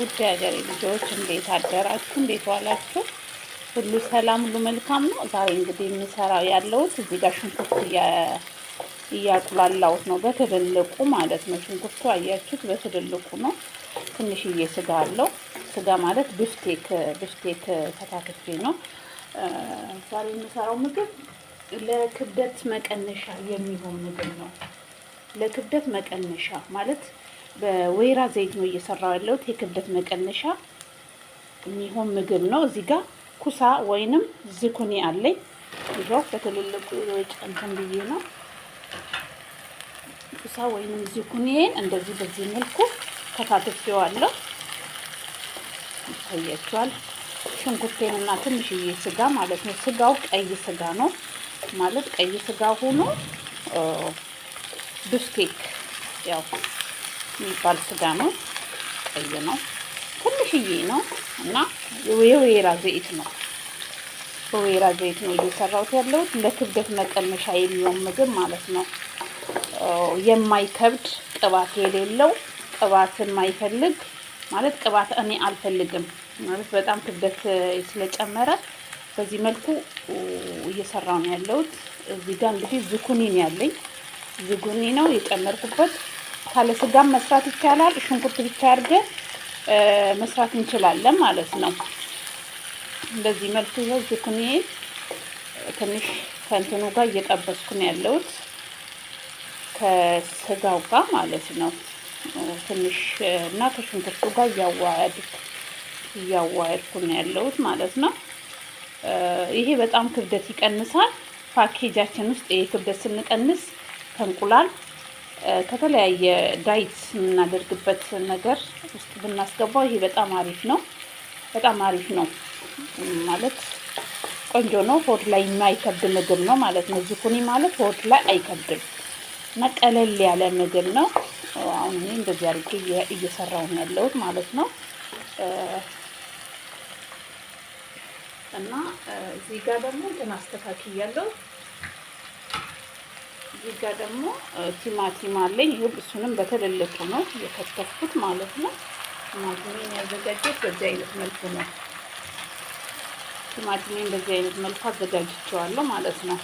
ውድ ሀገሬ ልጆች እንዴት አደራችሁ? እንዴት ዋላችሁ? ሁሉ ሰላም፣ ሁሉ መልካም ነው። ዛሬ እንግዲህ የምሰራው ያለሁት እዚህ ጋር ሽንኩርት እያቁላላሁት ነው፣ በትልልቁ ማለት ነው። ሽንኩርቱ አያችሁት፣ በትልልቁ ነው። ትንሽዬ ስጋ አለው። ስጋ ማለት ብፍቴክ ብፍቴክ ተካትፌ ነው ዛሬ የምሰራው ምግብ ለክብደት መቀነሻ የሚሆን ምግብ ነው። ለክብደት መቀነሻ ማለት በወይራ ዘይት ነው እየሰራው ያለሁት። የክብደት መቀነሻ የሚሆን ምግብ ነው። እዚህ ጋር ኩሳ ወይንም ዝኩኒ አለኝ። ይኸው በትልልቁ እንትን ብዬ ነው ኩሳ ወይንም ዝኩኒን እንደዚህ በዚህ መልኩ ከታትፌዋለሁ። ይታያችኋል። ሽንኩርቴንና ትንሽዬ ስጋ ማለት ነው። ስጋው ቀይ ስጋ ነው ማለት ቀይ ስጋ ሆኖ ብስቴክ ያው የሚባል ስጋ ነው። ቀይ ነው። ትንሽዬ ነው እና የወይራ ዘይት ነው በወይራ ዘይት ነው እየሰራሁት ያለሁት። ለክብደት መቀነሻ የሚሆን ምግብ ማለት ነው። የማይከብድ ቅባት የሌለው ቅባትን ማይፈልግ ማለት ቅባት እኔ አልፈልግም ማለት በጣም ክብደት ስለጨመረ በዚህ መልኩ እየሰራሁ ነው ያለሁት። እዚህ ጋር እንግዲህ ዝኩኒ ነው ያለኝ። ዝኩኒ ነው የጨመርኩበት። ካለ ስጋም መስራት ይቻላል። ሽንኩርት ብቻ አድርገን መስራት እንችላለን ማለት ነው። በዚህ መልኩ ይኸው ዝኩኒ ትንሽ ከእንትኑ ጋር እየጠበስኩ ነው ያለሁት ከስጋው ጋር ማለት ነው። ትንሽ እና ከሽንኩርቱ ጋር እያዋያድኩ እያዋያድኩ ነው ያለሁት ማለት ነው። ይሄ በጣም ክብደት ይቀንሳል። ፓኬጃችን ውስጥ ይሄ ክብደት ስንቀንስ ከእንቁላል ከተለያየ ዳይት የምናደርግበት ነገር ውስጥ ብናስገባው ይሄ በጣም አሪፍ ነው። በጣም አሪፍ ነው ማለት ቆንጆ ነው። ሆድ ላይ የማይከብድ ምግብ ነው ማለት ነው። ዙኩኒ ማለት ሆድ ላይ አይከብድም እና ቀለል ያለ ምግብ ነው። አሁን እኔ እንደዚህ አድርጌ እየሰራው ነው ያለሁት ማለት ነው። እና እዚህ ጋር ደግሞ እንትን አስተካክያለሁ። እዚህ ጋ ደግሞ ቲማቲም አለኝ። ይህ እሱንም በተለለቱ ነው የከተፍኩት ማለት ነው። ቲማቲሜን ያዘጋጀት በዚህ አይነት መልኩ ነው። ቲማቲሜን በዚህ አይነት መልኩ አዘጋጅቸዋለሁ ማለት ነው።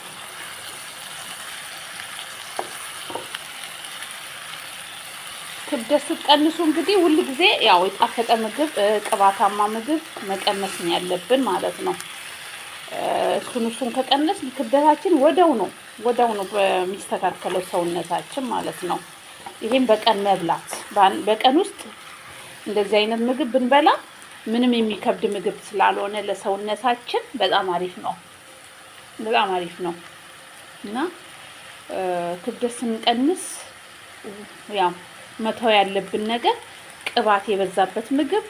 ክብደት ስትቀንሱ እንግዲህ ሁል ጊዜ ያው የጣፈጠ ምግብ ቅባታማ ምግብ መቀነስ ያለብን ማለት ነው። እሱን እሱን ከቀነስ ክብደታችን ወደው ነው ወደው ነው በሚስተካከለው ሰውነታችን ማለት ነው። ይሄን በቀን መብላት በቀን ውስጥ እንደዚህ አይነት ምግብ ብንበላ ምንም የሚከብድ ምግብ ስላልሆነ ለሰውነታችን በጣም አሪፍ ነው። በጣም አሪፍ ነው እና ክብደት ስንቀንስ ያው መተው ያለብን ነገር ቅባት የበዛበት ምግብ፣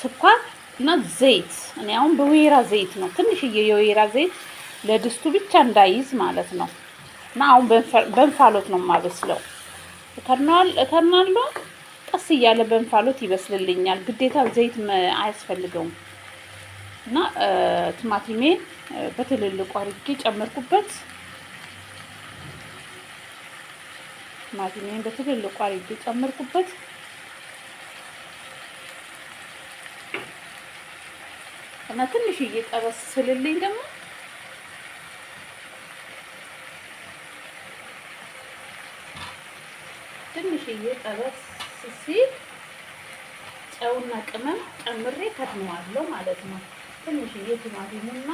ስኳር እና ዘይት እኔ አሁን በወይራ ዘይት ነው ትንሽዬ የወይራ ዘይት ለድስቱ ብቻ እንዳይዝ ማለት ነው። እና አሁን በእንፋሎት ነው የማበስለው። እከርናለሁ። ቀስ እያለ በእንፋሎት ይበስልልኛል። ግዴታ ዘይት አያስፈልገውም። እና ቲማቲሜ በትልልቁ አድርጌ ጨመርኩበት። ቲማቲሜን በትልልቁ አድርጌ ጨመርኩበት። እና ትንሽ እየጠበስ ስልልኝ ደግሞ ትንሽ እየጠበስ ሲል ጨውና ቅመም ጨምሬ ከድነዋለሁ ማለት ነው። ትንሽ ቲማቲሙና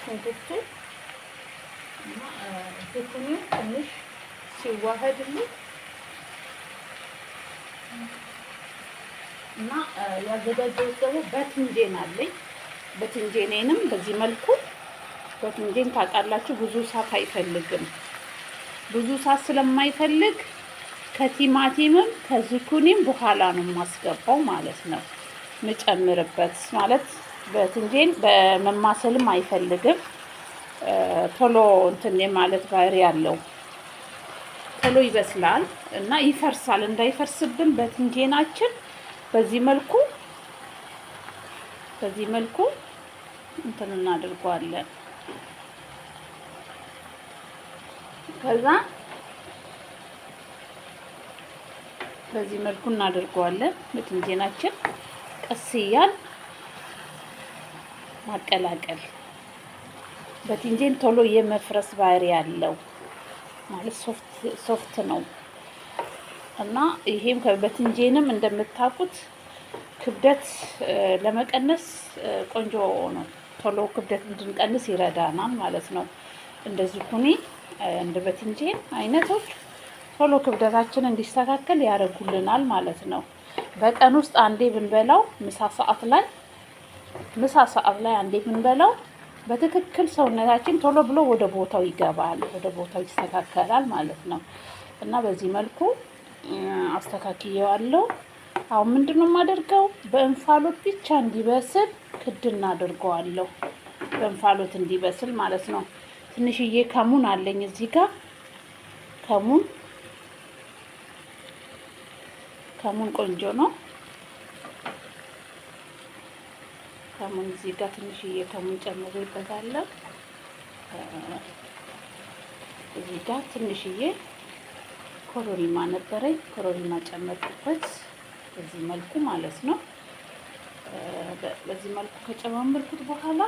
ሽንኩርቱ እና ድኩኒ ትንሽ ሲዋሃድልኝ እና ያዘጋጀሁት ደግሞ በትንዴን አለኝ በትንጄኔንም በዚህ መልኩ በትንጄን ታውቃላችሁ፣ ብዙ እሳት አይፈልግም። ብዙ እሳት ስለማይፈልግ ከቲማቲምም ከዝኩኒም በኋላ ነው የማስገባው ማለት ነው ምጨምርበት ማለት በትንጄን በመማሰልም አይፈልግም። ቶሎ እንትን ማለት ባህሪ ያለው ቶሎ ይበስላል እና ይፈርሳል። እንዳይፈርስብን በትንጄናችን በዚህ መልኩ በዚህ መልኩ እንትን እናድርገዋለን። ከዛ በዚህ መልኩ እናደርገዋለን። በትንቴናችን ቀስ እያል ማቀላቀል። በትንቴን ቶሎ የመፍረስ ባህሪ ያለው ማለት ሶፍት ነው እና ይሄም በትንቴንም እንደምታውቁት ክብደት ለመቀነስ ቆንጆ ነው። ቶሎ ክብደት እንድንቀንስ ይረዳናል ማለት ነው። እንደዚህ ሁኔ እንደ በትንጄን አይነቶች ቶሎ ክብደታችን እንዲስተካከል ያደርጉልናል ማለት ነው። በቀን ውስጥ አንዴ ብንበላው ምሳ ሰዓት ላይ ምሳ ሰዓት ላይ አንዴ ብንበላው በትክክል ሰውነታችን ቶሎ ብሎ ወደ ቦታው ይገባል፣ ወደ ቦታው ይስተካከላል ማለት ነው እና በዚህ መልኩ አስተካክየዋለሁ። አሁን ምንድን ነው የማደርገው? በእንፋሎት ብቻ እንዲበስል ክድ አድርገዋለሁ። በእንፋሎት እንዲበስል ማለት ነው። ትንሽዬ ከሙን አለኝ እዚህ ጋር ከሙን ከሙን ቆንጆ ነው። ከሙን እዚህ ጋር ትንሽዬ ከሙን ጨምሬበታለሁ። እዚህ ጋር ትንሽዬ ኮሮሪማ ነበረኝ፣ ኮሮሪማ ጨመርኩበት። በዚህ መልኩ ማለት ነው። በዚህ መልኩ ከጨማምርኩት በኋላ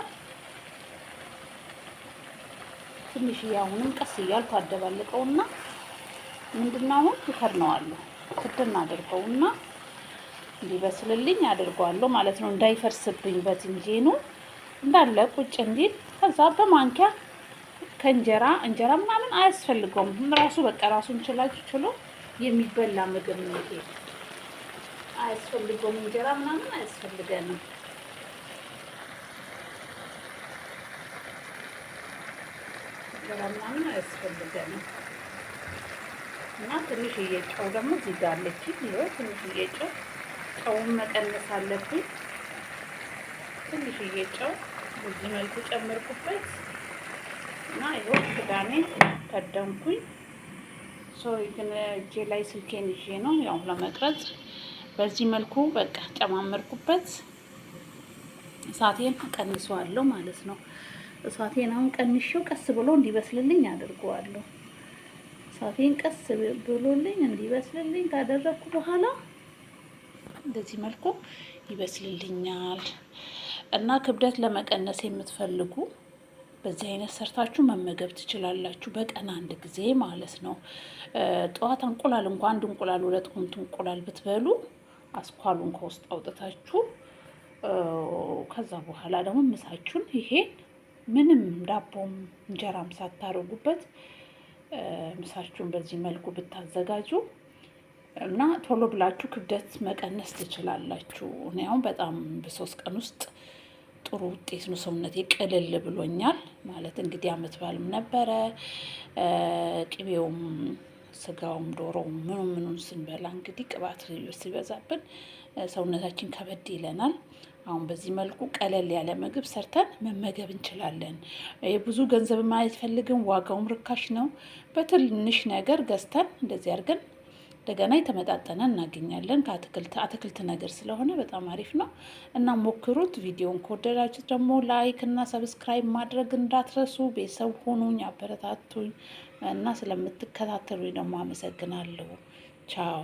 ትንሽ አሁንም ቀስ እያልኩ አደባልቀውና ምንድነው አሁን እከድነዋለሁ። ክድን አድርገውና እንዲበስልልኝ አድርገዋለሁ ማለት ነው። እንዳይፈርስብኝ ነው እንዳለ ቁጭ እንዲል ከዛ በማንኪያ ከእንጀራ እንጀራ ምናምን አያስፈልገውም። ራሱ በቃ ራሱን ችላችሁ ችሎ የሚበላ ምግብ ነው። ይሄ። አያስፈልገውም። እንጀራ ምናምን አያስፈልገንም። እንጀራ ምናምን አያስፈልገንም እና ትንሽዬ ጨው ደግሞ እዚህ ጋር አለች። ይኸው ትንሽዬ ጨውን መቀነስ አለብኝ። ትንሽዬ ጨው በዚህ መልኩ ጨምርኩበት እና ይኸው ቅዳሜ ቀደምኩኝ። ሰው ግን እጄ ላይ ስልኬን ይዤ ነው ያው ለመቅረጽ በዚህ መልኩ በቃ ጨማመርኩበት። እሳቴን ቀንሰዋለሁ ማለት ነው። እሳቴን አሁን ቀንሼው ቀስ ብሎ እንዲበስልልኝ አድርገዋለሁ። እሳቴን ቀስ ብሎልኝ እንዲበስልልኝ ካደረግኩ በኋላ እንደዚህ መልኩ ይበስልልኛል እና ክብደት ለመቀነስ የምትፈልጉ በዚህ አይነት ሰርታችሁ መመገብ ትችላላችሁ። በቀን አንድ ጊዜ ማለት ነው። ጠዋት እንቁላል እንኳ አንድ እንቁላል ሁለት ቁምት እንቁላል ብትበሉ አስኳሉን ከውስጥ አውጥታችሁ ከዛ በኋላ ደግሞ ምሳችሁን ይሄን ምንም ዳቦም እንጀራም ሳታደርጉበት ምሳችሁን በዚህ መልኩ ብታዘጋጁ እና ቶሎ ብላችሁ ክብደት መቀነስ ትችላላችሁ። እኔ አሁን በጣም በሶስት ቀን ውስጥ ጥሩ ውጤት ነው። ሰውነቴ ቅልል ብሎኛል ማለት እንግዲህ አመት ባልም ነበረ ቅቤውም ስጋውም ዶሮውም ምኑ ምኑን ስንበላ እንግዲህ ቅባት ሲበዛብን ሰውነታችን ከበድ ይለናል። አሁን በዚህ መልኩ ቀለል ያለ ምግብ ሰርተን መመገብ እንችላለን። ብዙ ገንዘብ አይፈልግም፣ ዋጋውም ርካሽ ነው። በትንሽ ነገር ገዝተን እንደዚህ አድርገን እንደገና የተመጣጠነ እናገኛለን። ከአትክልት አትክልት ነገር ስለሆነ በጣም አሪፍ ነው እና ሞክሩት። ቪዲዮን ከወደዳችሁ ደግሞ ላይክ እና ሰብስክራይብ ማድረግ እንዳትረሱ። ቤተሰብ ሆኑኝ፣ አበረታቱኝ። እና ስለምትከታተሉኝ ደግሞ አመሰግናለሁ። ቻው